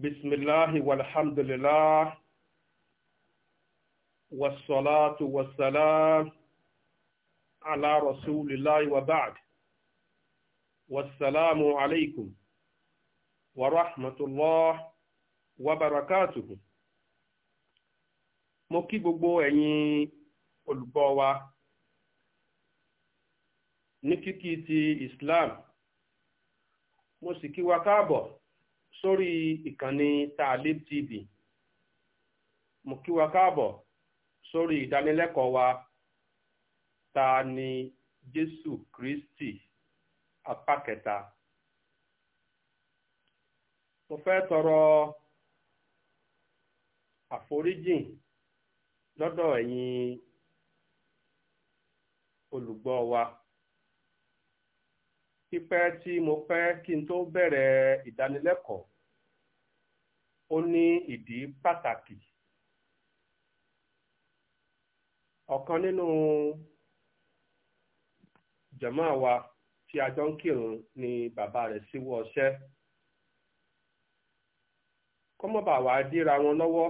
بسم الله والحمد لله والصلاة والسلام على رسول الله وبعد والسلام عليكم ورحمة الله وبركاته mo بوبو gbogbo ẹ̀yin olùgbọ́ wa ní kíkí ti sórí ìkànnì Taalib TV mo kí wa káàbọ̀ sórí ìdánilẹ́kọ̀ọ́ wa ta ni Jésù Kristi apá kẹta mo fẹ́ tọrọ àforíjìn lọ́dọ̀ ẹ̀yin olùgbọ wa pípẹ́ tí mo pẹ́ kí n tó bẹ̀rẹ̀ ìdánilẹ́kọ̀ọ́ ó ní ìdí pàtàkì ọ̀kan nínú jàmá wa tí a jọ ń kírun ni bàbá rẹ̀ síwọ́ ọṣẹ́ kọ́mọ́bà wá dìra wọn lọ́wọ́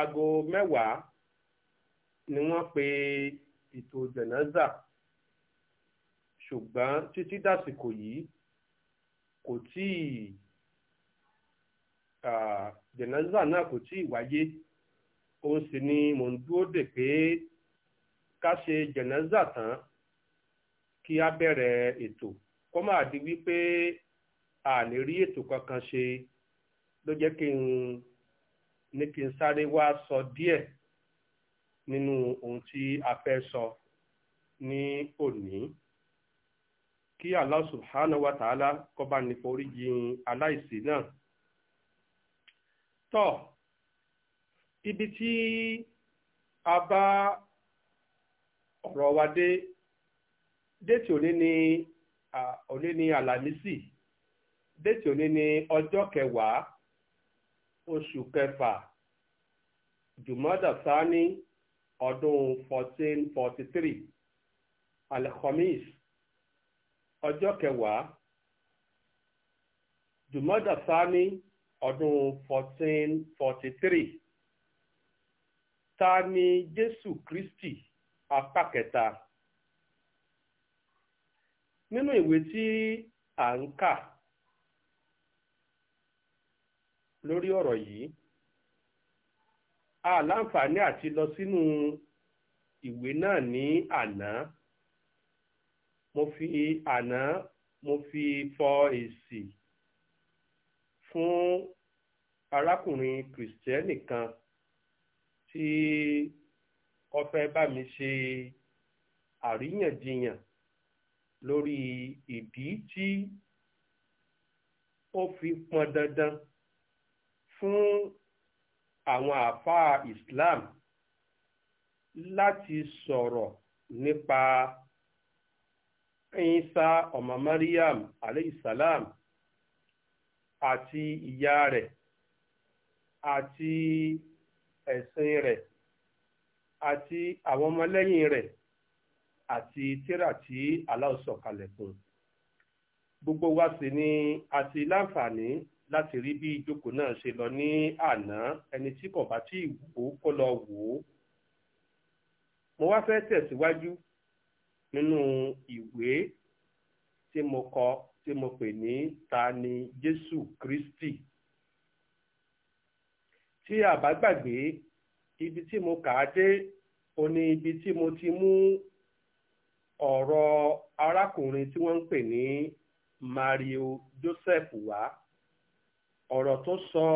aago mẹ́wàá ni wọ́n pe ètò jẹ̀nẹ́zà ṣùgbọ́n títí dàsìkò yìí kò tíì jẹ̀nàzà náà kò tí ì wáyé òun sì ni mò ń dúró dè pé ká ṣe jẹ̀nàzà tán kí á bẹ̀rẹ̀ ètò kó má di wípé a lè rí ètò kankan ṣe ló jẹ́ kí n ní kí n sáré wá sọ díẹ̀ nínú ohun tí a fẹ́ sọ ní òní kí Allah subhanahu wa bá ní foríjìn aláìsí náà tọ́ ibi tí a bá ọ̀rọ̀ wa dé déètì òní ni òní ni alamisi déètì òní ni ọjọ́ kẹwàá oṣù kẹfà jùmọ́dà sáni ọdún three alhamis ọjọ́ kẹwàá jùmọ́dà sáni ọdún 1443 ta ni Jésù Kristi apá kẹta nínú ìwé tí a ń kà lórí ọ̀rọ̀ yìí a láǹfààní àti lọ sínú ìwé náà ní àná mo fi àná mo fi fọ èsì. fún arákùnrin kìrìsìtẹ́nì kan tí ó fẹ́ bá mi ṣe àríyànjiyàn lórí ìdí tí ó fi pọn dandan fún àwọn àáfàá Islam láti sọ̀rọ̀ nípa Isa ọmọ Maryam aleyhisalam àti ìyá rẹ̀ àti ẹ̀sìn rẹ̀ àti àwọn ọmọlẹ́yìn rẹ̀ àti tírà tí Allah sọ kalẹ̀ fún gbogbo wa sì ni a ti láǹfààní láti rí bí ìjókòó náà ṣe lọ ní àná ẹni tí kò bá tí wò kó lọ wò ó mo wá fẹ́ tẹ̀síwájú nínú ìwé tí mo kọ tí mo pè ní ta ni Jésù Kristi tí a bá gbàgbé ibi tí mo kà á dé o ní ibi tí mo ti mú ọ̀rọ̀ arákùnrin tí wọ́n ń pè ní Mario Joseph wá ọ̀rọ̀ tó sọ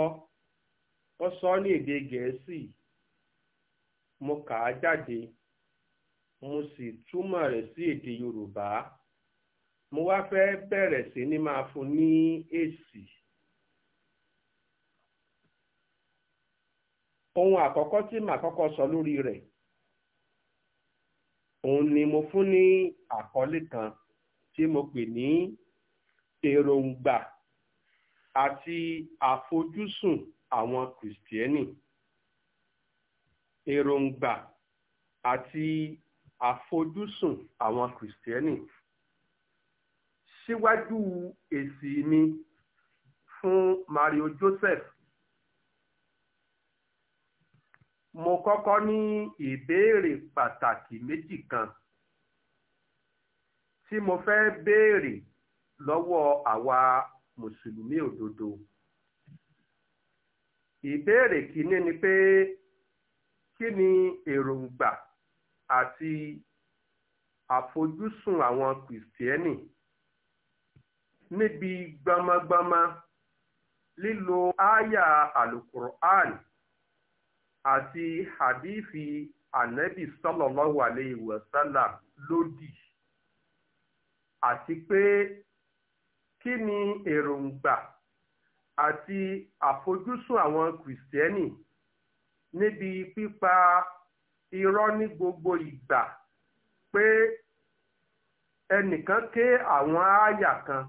ó sọ ní èdè Gẹ̀ẹ́sì mo kà á jáde mo sì túmọ̀ rẹ̀ sí èdè Yorùbá. mo wá fẹ́ bẹ̀rẹ̀ sí ní máa fún ní èsì. ohun àkọ́kọ́ tí màá kọ́kọ́ sọ lórí rẹ̀ òun ni mo fún ní àkọlé kan tí mo pè ní èròǹgbà àti àfojúsùn àwọn kìrìsìtẹ́nì èròǹgbà àti àfojúsùn àwọn kìrìsìtẹ́nì síwájú èsì mi fún Mario Joseph mo kọ́kọ́ ní ìbéèrè pàtàkì méjì kan tí mo fẹ́ béèrè lọ́wọ́ àwa mùsùlùmí òdodo ìbéèrè kìíní ni pé kí ni èròǹgbà àti àfojúsùn àwọn kìrìsìtẹ́nì níbi gbamagbama lílo àyà alukur'an àti hadithi anabi sallallahu alayhi wa sallam lódì àti pé kí ni èròǹgbà àti àfojúsùn àwọn kìrìsìtẹ́nì níbi pípa irọ́ ní gbogbo ìgbà pé ẹnìkan ké àwọn ááyà kan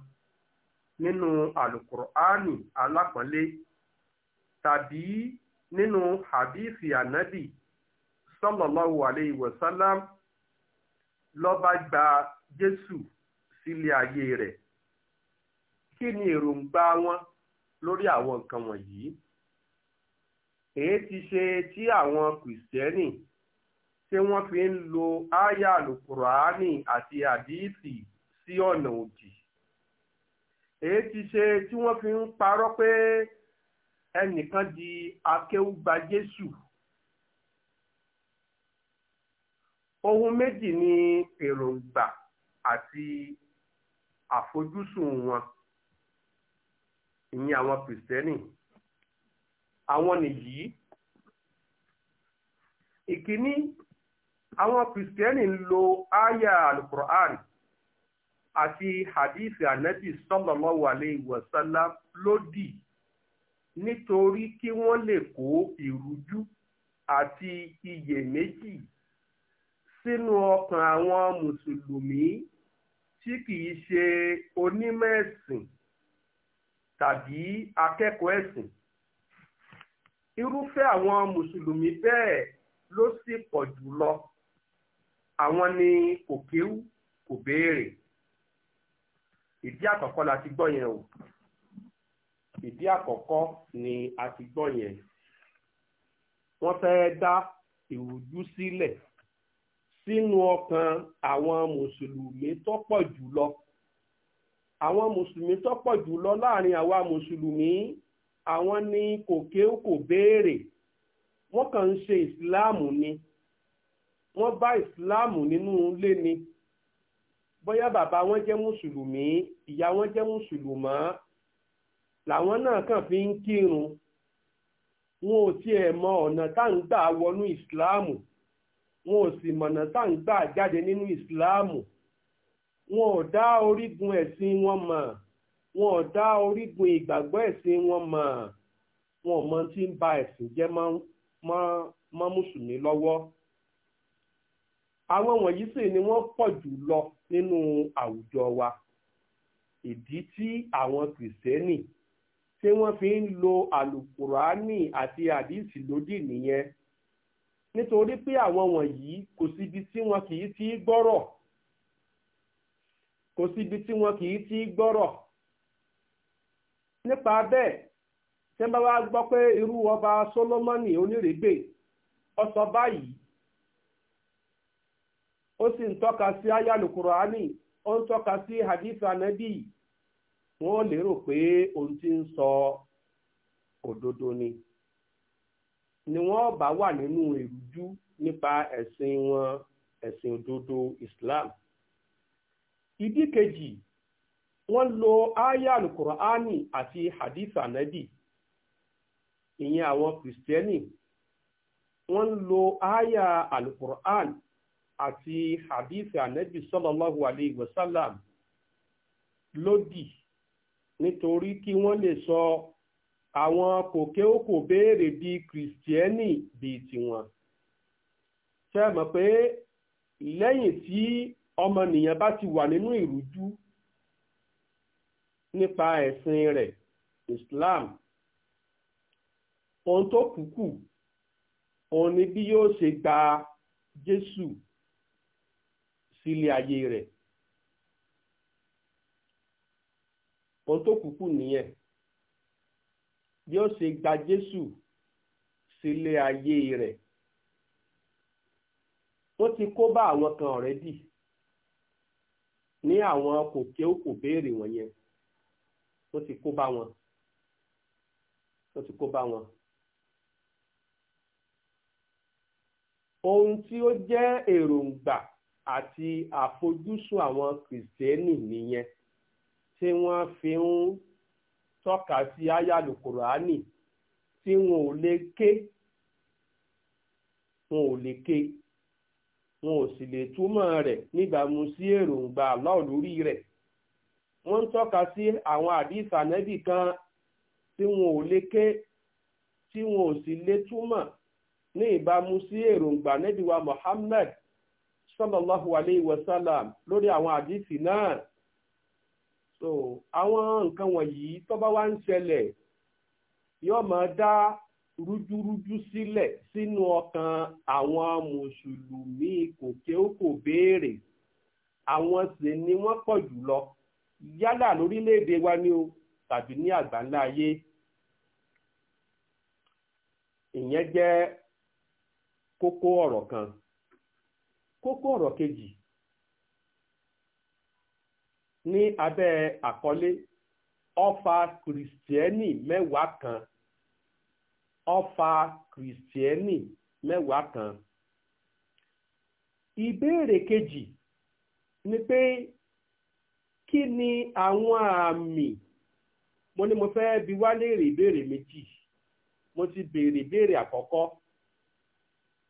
nínú alukur'ani alápọ̀nlé tàbí nínú hadithi anabi sallallahu alayhi wa sallam ló bá gba jésù sílé ayé rẹ̀ kí ni èròǹgbà wọn lórí àwọn nǹkan wọ̀nyí èyí ti ṣe tí àwọn kìrìsìtẹ́nì tí wọ́n fi ń lo áyà alukur'ani àti hadithi sí ọ̀nà òdì èyí ti ṣe tí wọ́n fi ń parọ́ pé ẹnìkan di akéwúgba Jésù ohun méjì ni èròǹgbà àti àfojúsùn wọn ìyẹn àwọn kìrìsìtẹ́nì àwọn nìyí ìkíní àwọn kìrìsìtẹ́nì ń lo àyà alukur'an àti hadithi anabi sallallahu alayhi wa sallam lódì nítorí kí wọ́n lè kó ìrújú àti iyèméjì sínú ọkàn àwọn mùsùlùmí tí kìí ṣe onímọ̀ ẹ̀sìn tàbí akẹ́kọ̀ọ́ ẹ̀sìn. Irúfẹ́ àwọn mùsùlùmí bẹ́ẹ̀ ló sì pọ̀ jùlọ. Àwọn ni kò kéwú kò béèrè ìdí àkọ́kọ́ la ti gbọ́ yẹn o ìdí àkọ́kọ́ ni a ti gbọ́ yẹn wọ́n fẹ́ dá ìrújú sílẹ̀ sínú ọkàn àwọn mùsùlùmí tó pọ̀ jùlọ àwọn mùsùlùmí tó pọ̀ jùlọ láàrin àwa mùsùlùmí àwọn ni kò kéwú kò béèrè wọ́n kàn ń ṣe ìsìláàmù ni wọ́n bá ìsìláàmù nínú ilé ni. Wọ́n bóyá bàbá wọn jẹ́ mùsùlùmí ìyá wọn jẹ́ mùsùlùmá làwọn náà kàn fi ń kírun wọn ò tiẹ̀ mọ ọ̀nà tá ń gbà wọnú ìsìláàmù wọn ò sì mọ̀nà tá ń gbà jáde nínú ìsìláàmù wọn ò dá orígun ẹ̀sìn wọn mọ̀ wọn ò dá orígun ìgbàgbọ́ ẹ̀sìn wọn mọ̀ wọn ò mọ tí ń ba ẹ̀sìn jẹ́ mọ́ mùsùlùmí lọ́wọ́ àwọn wọ̀nyí sì ni wọ́n pọ̀ jù lọ nínú àwùjọ wa ìdí tí àwọn kìrìsìtẹ́nì tí wọ́n fi ń lo àlùkùránì àti àdìsí lódì nìyẹn nítorí pé àwọn wọ̀nyí kò síbi tí wọn kì í ti gbọ́rọ̀ kò síbi tí wọn kì í ti gbọ́rọ̀ nípa bẹ́ẹ̀ tẹ́ bá gbọ́ pé irú ọba Sólómọ́nì onírègbè ó báyìí o si ń si sí ayálu o ó si tọ́ka sí hadith anabi wọ́n lérò pé ohun tí ń sọ òdodo ni ni wọ́n ba wa ninu ìrújú n'ipa ẹ̀sìn wọn ẹ̀sìn ododo Islam ìdí keji wọn lo ayálu kùránì àti hadith anabi ìyẹn àwọn kristiani wọn lo aya alukur'an àti hadith anabi sallallahu alayhi wa sallam lódì nítorí kí wọ́n lè sọ àwọn kòkè òkò béèrè bí kìrìsìtẹ́nì bíi tiwọn. ṣé ẹ mọ̀ pé lẹ́yìn tí ọmọnìyàn bá ti wà nínú ìrújú nípa ẹ̀sìn rẹ̀ Islam ohun tó kù kù òun ni bí yóò ṣe gba Jésù sílé ayé rẹ̀ ohun tó kúkú nìyẹn bí ó ṣe gba Jésù sílé ayé rẹ̀ ó ti kó bá àwọn kan dì ní àwọn kòkè ó kò béèrè wọ̀nyẹn ó ti kó bá wọn ó ti kó bá wọn. ohun tí ó jẹ́ èròǹgbà àti àfojúsùn àwọn kìrìsìtẹ́nì nìyẹn tí wọ́n fi ń tọ́ka sí ayálùkùránì tí wọn ò lè ké wọn ò lè ké wọn ò sì lè túmọ̀ rẹ̀ níbàámu sí èròǹgbà Allah lórí rẹ̀ wọ́n ń tọ́ka sí àwọn àdìsá nẹ́bì kan tí wọn ò lè ké tí wọn ò sì lè túmọ̀ ní ìbámu sí èròǹgbà nẹ́bì wa Muhammad sallallahu alayhi wa sallam lórí àwọn àdìsí náà so àwọn nǹkan wọ̀nyí tó bá wá ń ṣẹlẹ̀ yóò máa dá rújúrújú sílẹ̀ sínú ọkàn àwọn mùsùlùmí kòkè ó kò béèrè àwọn sì ni wọ́n pọ̀ jùlọ yálà lórílẹ̀‐èdè wa ni o tàbí ní àgbáńlá ayé ìyẹn jẹ́ kókó ọ̀rọ̀ kan. kókó ọ̀rọ̀ kejì ní abẹ́ àkọlé ọfà mẹ́wàá kan ọfà kìrìsìtẹ́nì mẹ́wàá kan ìbéèrè kejì ni pé kí mo ní mo fẹ́ bi wá léèrè ìbéèrè mo ti béèrè ìbéèrè àkọ́kọ́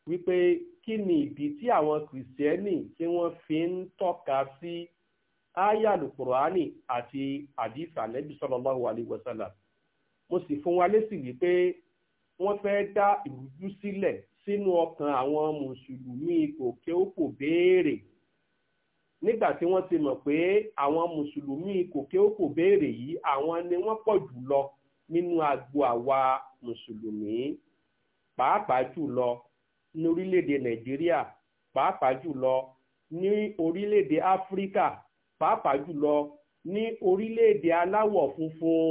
wípé kí ni ìdí tí àwọn kìrìsìtẹ́nì tí wọ́n fi ń tọ́ka sí aya alukurani àti àdìsá nẹ́bí sallallahu alaihi wasallam mo sì fún wa lésì wípé wọ́n fẹ́ dá ìrújú sílẹ̀ sínú ọkàn àwọn mùsùlùmí kòkè òkò béèrè nígbà tí wọ́n ti mọ̀ pé àwọn mùsùlùmí kòkè òkò béèrè yìí àwọn ni wọ́n pọ̀ jù lọ nínú agbo àwa mùsùlùmí pàápàá jù lọ ní orílẹ̀-èdè nàìjíríà pàápàá jùlọ ní orílẹ̀-èdè áfíríkà pàápàá jùlọ ní orílẹ̀-èdè aláwọ̀ funfun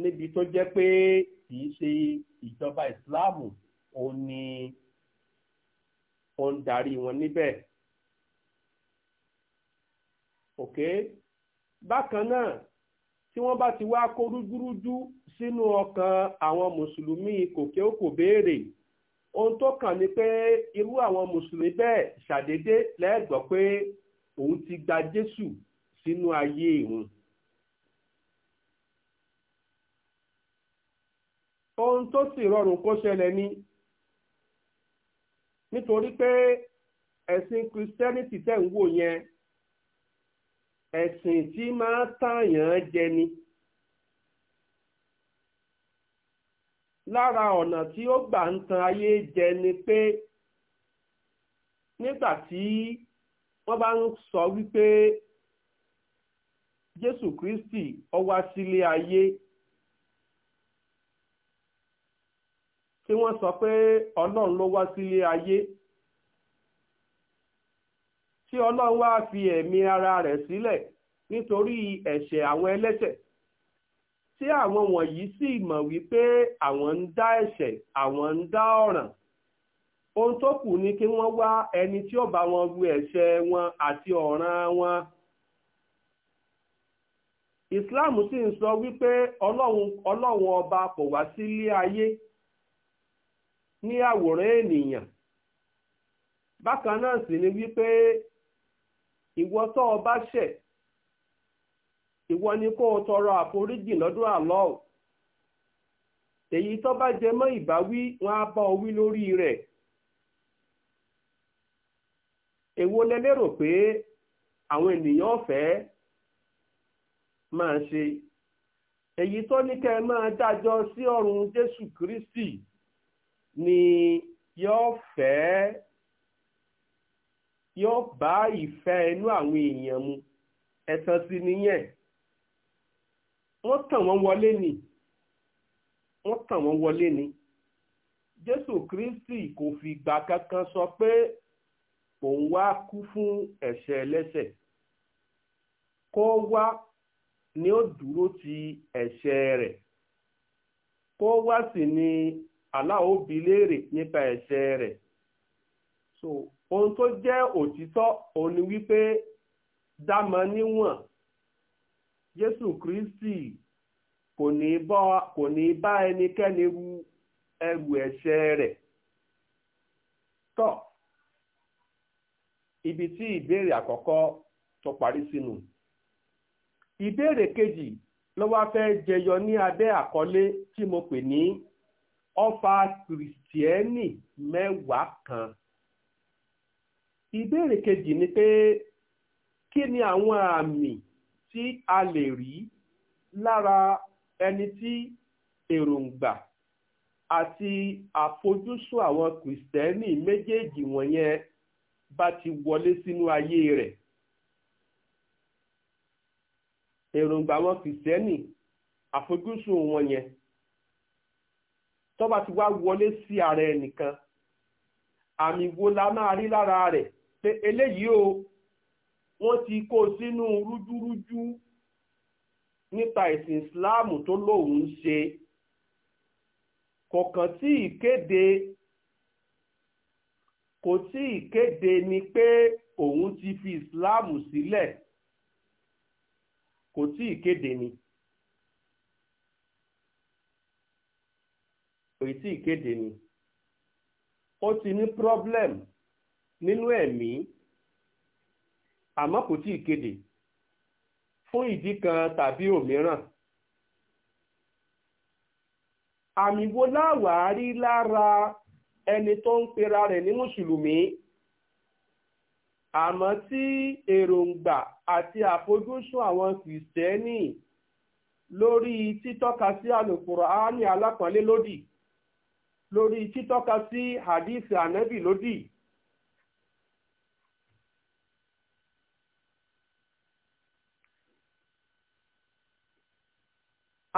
níbi tó jẹ́ pé kì í ṣe ìjọba ìsìláàmù òun ni ó ń darí wọn níbẹ̀. òkè bákan náà tí wọ́n bá ti wá kó rújúrújú sínú ọkàn àwọn mùsùlùmí kòkè ó kò béèrè ohun tó kàn ni pé irú àwọn mùsùlùmí bẹ́ẹ̀ ṣàdédé lẹ́ẹ̀gbọ́ pé òun ti gba Jésù sínú ayé òun. ohun tó sì rọrùn kó ṣẹlẹ̀ ni nítorí pé ẹ̀sìn Christianity tẹ̀ ń wò yẹn ẹ̀sìn tí máa tààyàn jẹ ni. lára ọ̀nà tí ó gbà ń tan ayé jẹ ni pé nígbà tí wọ́n bá ń sọ wípé Jésù Kristi ọwá wá sílé ayé tí wọ́n sọ pé Ọlọ́run ló wá sílé ayé tí Ọlọ́run wá fi ẹ̀mí ara rẹ̀ sílẹ̀ nítorí ẹ̀ṣẹ̀ àwọn ẹlẹ́ṣẹ̀ tí àwọn wọ̀nyí sì mọ̀ wípé àwọn ń dá ẹ̀ṣẹ̀ àwọn ń dá ọ̀ràn ohun tó kù ni kí wọ́n wá ẹni tí ó bá wọn ru ẹ̀ṣẹ̀ wọn àti ọ̀ràn wọn Islam sì ń sọ wípé ọlọ́run ọba kò wá sílé ayé ní àwòrán ènìyàn bákan náà sì ni wípé ìwọ ni kó o tọrọ àforíjì lọ́dún àlọ́ èyí tó bá jẹ mọ́ ìbáwí wọn á bá ọ wí lórí rẹ̀ èwo lẹ lérò pé àwọn ènìyàn ọ̀fẹ́ máa ṣe èyí tó ní kẹ́ máa dájọ́ sí ọrùn Jésù Kristi ni yóò fẹ́ yóò bá ìfẹ́ inú àwọn èèyàn mu ẹ̀san sí nìyẹn. wọ́n tàn wọ́n wọlé ni wọ́n tàn wọ́n wọlé ni jésù kristi kò fi ìgbà kankan sọ pé òun wá kú fún ẹ̀ṣẹ̀ ẹlẹ́ṣẹ̀ kó wá ni ó dúró ti ẹ̀ṣẹ̀ rẹ̀ kó wá sì ni aláwo léèrè nípa ẹ̀ṣẹ̀ rẹ̀ so ohun tó jẹ́ òtítọ́ òun ni wípé dámọ̀ níwọ̀n jésù kristi kò ní bá ẹnikẹ́ni ru ẹrù ẹ̀ṣẹ̀ rẹ̀ tọ́ ibi tí ìbéèrè àkọ́kọ́ tó parí sínú ìbéèrè kejì ló wá fẹ́ jẹyọ ní abẹ́ àkọlé tí mo pè ní ọfà kìrìsìtẹ́nì mẹ́wàá kan ìbéèrè kejì ni pé kí ni àwọn àmì tí a lè rí lára ẹni tí èròǹgbà àti àfojúsùn àwọn kìrìsìtẹ́nì méjèèjì wọ̀nyẹn bá ti wọlé sínú ayé rẹ̀. èròǹgbà àwọn kìrìsìtẹ́nì àfojúsùn wọn yẹn ti wá wọlé sí ara ẹnìkan àmì wo la máa rí lára rẹ̀ pé eléyìí o wọ́n ti kó sínú rújúrújú nípa ìsìn ìsìláàmù tó lóun ń ṣe kọ̀ọ̀kan tí ìkéde kò tí ì ni pé òun ti fi ìsìláàmù sílẹ̀ kò tí ì ni kò tí ì ni ó ti ní problem nínú ẹ̀mí. E àmọ́ kò tí ì kéde fún ìdí kan tàbí òmíràn àmì wo láwàá rí lára ẹni tó ń pera rẹ̀ ní mùsùlùmí àmọ́ tí èròǹgbà àti àfojúsùn àwọn kìrìsìtẹ́nì lórí títọ́ka sí àlùkùránì alápọ̀nlé lódì lórí títọ́ka sí hadith ànábì lódì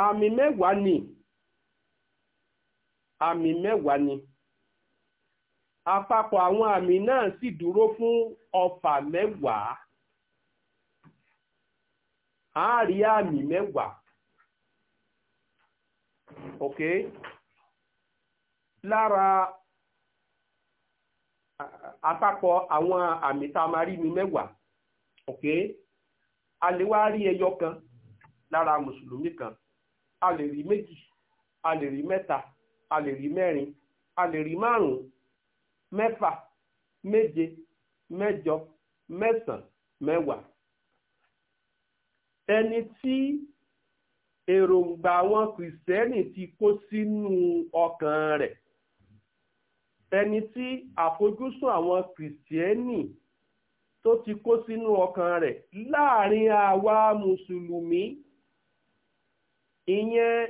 àmì mẹ́wàá ni àmì mẹ́wàá ni àpapọ̀ àwọn àmì náà sì dúró fún ọfà mẹ́wàá àárí àmì mẹ́wàá ok lára àpapọ̀ àwọn àmì tá a máa rí ni mẹ́wàá ok a lè wá rí ẹyọ kan lára mùsùlùmí kan a lè rí méjì a lè rí mẹ́ta a lè rí mẹ́rin a lè rí márùn-ún mẹ́fà méje mẹ́jọ mẹ́sàn-án mẹ́wàá. ẹni tí èròǹgbà àwọn kìrìsìtẹ́nì ti kó sínú ọkàn rẹ̀ ẹni tí àfojúsùn àwọn kìrìsìtẹ́nì tó ti kó sínú ọkàn rẹ̀ láàrin àwa mùsùlùmí ìyẹn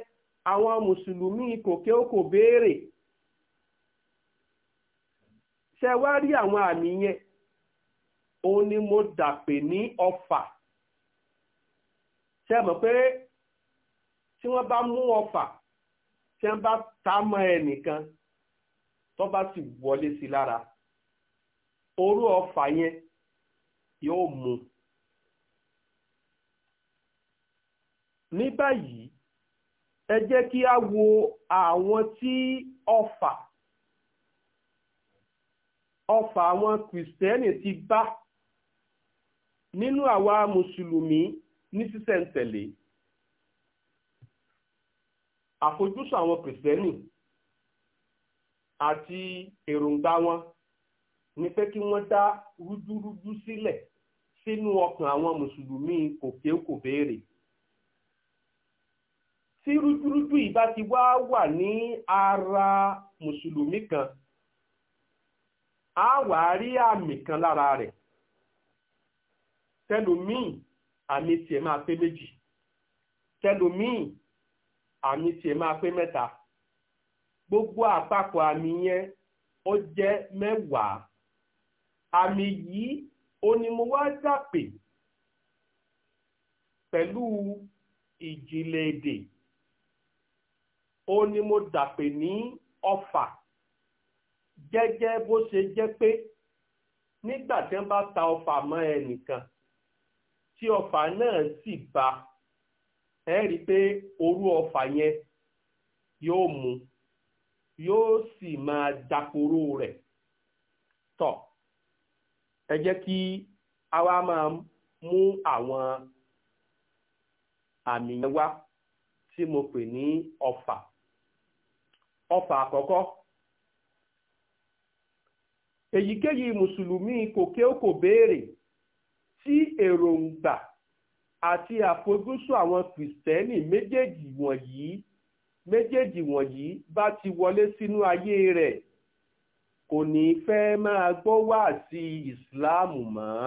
àwọn mùsùlùmí kòkè òkò béèrè ṣe wá rí àwọn àmì yẹn òun ni mo dàpè ní ọfà ṣe mọ̀ pé tí wọ́n bá mú ọfà Ṣe wọ́n bá ta mọ́ ẹnìkan tó bá ti wọlé sí lára orú ọfà yẹn yóò mú ní báyìí ẹ jẹ́ kí a wo àwọn tí ọfà ọfà àwọn kìrìsìtẹ́nì ti bá nínú àwa mùsùlùmí ní sísẹ̀ntẹ̀lé àfojúsùn àwọn kìrìsìtẹ́nì àti èròǹgbà wọn ni pé kí wọ́n dá rúdúrúdú sílẹ̀ sínú ọkàn àwọn mùsùlùmí kò kéwkò béèrè tí rújúrújú ìbá ti wá wà ní ara mùsùlùmí kan a wà rí àmì kan lára rẹ̀ tẹlòmíì àmì tiẹ̀ máa pé méjì tẹlòmíì àmì tiẹ̀ máa pé mẹ́ta gbogbo àpapọ̀ àmì yẹn ó jẹ́ mẹ́wàá àmì yìí ó ní mo wá dàpè pẹ̀lú ìjìnlẹ̀ èdè ó ní mo dàpè ní ọfà gẹ́gẹ́ bó ṣe jẹ́ pé nígbà tí wọ́n bá ta ọfà mọ́ ẹnìkan tí ọfà náà sì bá ẹ rí pé orú ọfà yẹn yóò mú yóò sì máa dàporó rẹ̀ tọ̀ ẹ jẹ́ kí àwa máa mú àwọn àmì yẹn wá tí mo pè ní ọfà ọfà àkọ́kọ́ èyíkéyìí mùsùlùmí kòkè ó kò béèrè tí èròǹgbà àti àfojúsùn àwọn kìrìsìtẹ́nì méjèèjì wọ̀nyí méjèèjì wọ̀nyí bá ti wọlé sínú ayé rẹ̀ kò ní fẹ́ máa gbọ́ wáàsí ìsìláàmù mọ́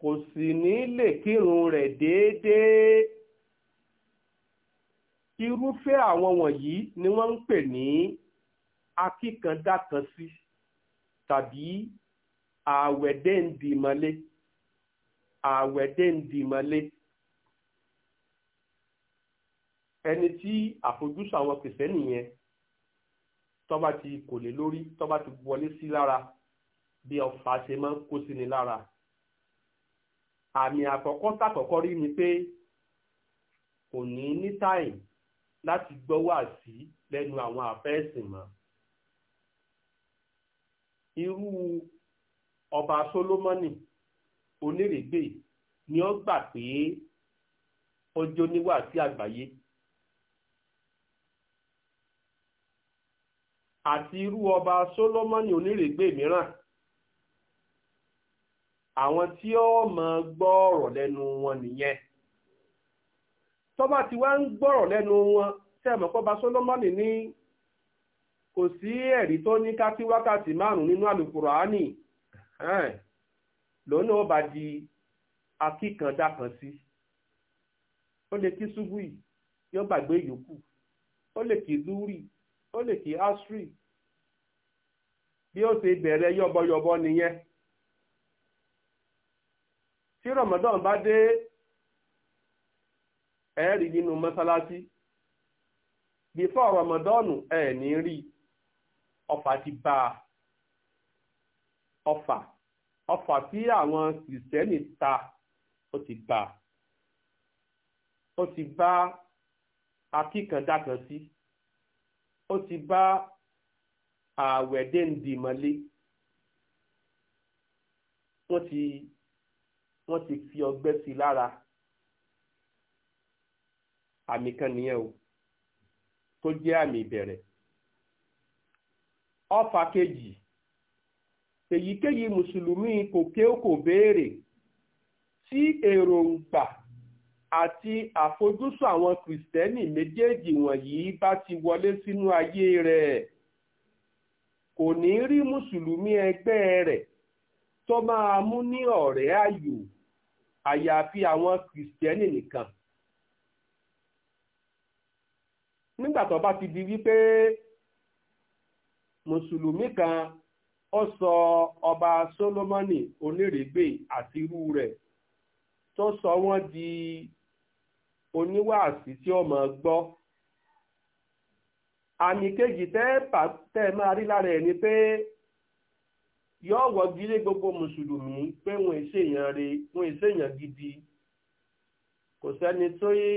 kò sì ní lè kírun rẹ̀ déédéé irúfẹ́ àwọn wọ̀nyí ni wọ́n ń pè ní akíkandákansí tàbí àwẹ̀dẹ́ǹdìmọ́lé àwẹ̀dẹ́ǹdìmọ́lé ẹni tí àfojúsùn àwọn kìsẹ́nì yẹn tọ́ba ti kò lè lórí tọ́ba ti wọlé sí lára bí ọ̀fà ṣe máa ń kó sí ni lára àmì àkọ́kọ́ tàkọ́kọ́ rí ni pé kò ní ní táìmù láti gbọ́ wàásí lẹ́nu àwọn àfẹ́sìn mọ́. irú ọba Sólómọ́nì onírègbè ni ó gbà pé ọjọ́ níwàásí àgbáyé. àti irú ọba Sólómọ́nì onírègbè mìíràn àwọn tí ó máa gbọ́ ọ̀rọ̀ lẹ́nu wọn nìyẹn. tọ́ba ti wá ń gbọ́rọ̀ lẹ́nu wọn sẹ́mọ̀ pọ́ba Sólómọ́nì ní kò sí ẹ̀rí tó ní ká wákàtí márùn nínú àlùkùránì lòun náà bá di akíkanda kan sí ó lè kí ṣubú yìí yóò gbàgbé yòókù ó lè kí lúrì ó lè kí ásírì, bí ó ṣe bẹ̀rẹ̀ yọ̀bọ̀yọ̀bọ̀ nìyẹn tí rọ̀mọ́dọ́n bá dé ẹ̀ẹ́rì nínú mọ́sálásí bífọ́ rọmọdọ́ọ̀nù ẹ̀ ní rí ọfà ti bá a ọfà ọfà tí àwọn kìrìsìtẹ́nì ta ó ti bá a ó ti bá akíkandá kan sí ó ti bá àwẹ̀dẹ́ǹdìmọ́lé wọ́n ti wọ́n ti fi ọgbẹ́ sí lára àmì kan nìyẹn o tó jẹ́ àmì ìbẹ̀rẹ̀ ọfà kejì èyíkéyìí mùsùlùmí kò ké ó kò béèrè tí èròǹgbà àti àfojúsùn àwọn kìrìsìtẹ́nì méjèèjì wọ̀nyí bá ti wọlé sínú ayé rẹ̀ kò ní rí mùsùlùmí ẹgbẹ́ rẹ̀ tó máa mú ní ọ̀rẹ́ àyò àyàfi àwọn kìrìsìtẹ́nì nìkan nígbà tó bá ti di wípé mùsùlùmí kan ó sọ ọba Sólómọ́nì onírègbè àti irú rẹ̀ tó sọ wọ́n di oníwàásí tí ó máa gbọ́ àmì kejì tẹ́ ẹ máa rí lára ẹ̀ ni pé yóò wọ́gilé gbogbo mùsùlùmí pé wọ́n èsèèyàn re wọ́n èsèèyàn gidi kò sẹ́ni tó yí.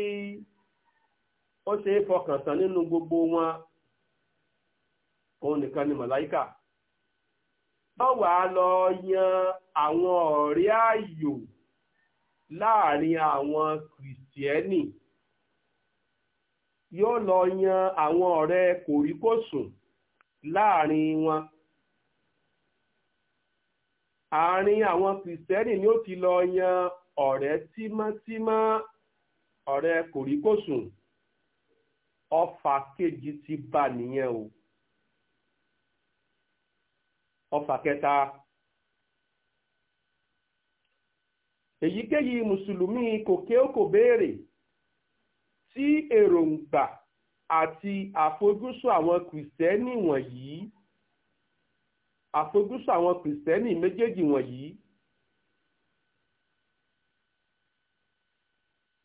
ó ṣe é fọkàn tán nínú gbogbo wọn òun nìkan ni màláíkà wọ́n wà lọ yan àwọn ọ̀rẹ́ ayò láàrin àwọn kìrìsìtẹ́nì yóò lọ yan àwọn ọ̀rẹ́ kòríkòsùn láàrin wọn àárín àwọn kìrìsìtẹ́nì ni ó ti lọ yan ọ̀rẹ́ tímọ́tímọ́ ọ̀rẹ́ kòríkòsùn ọfà kejì ti bà nìyẹn o ọfà kẹta èyíkéyìí mùsùlùmí kò ké ó kò béèrè tí èròǹgbà àti àfojúsùn àwọn kìrìsìtẹ́nì wọ̀nyí àfojúsùn àwọn kìrìsìtẹ́nì méjèèjì wọ̀nyí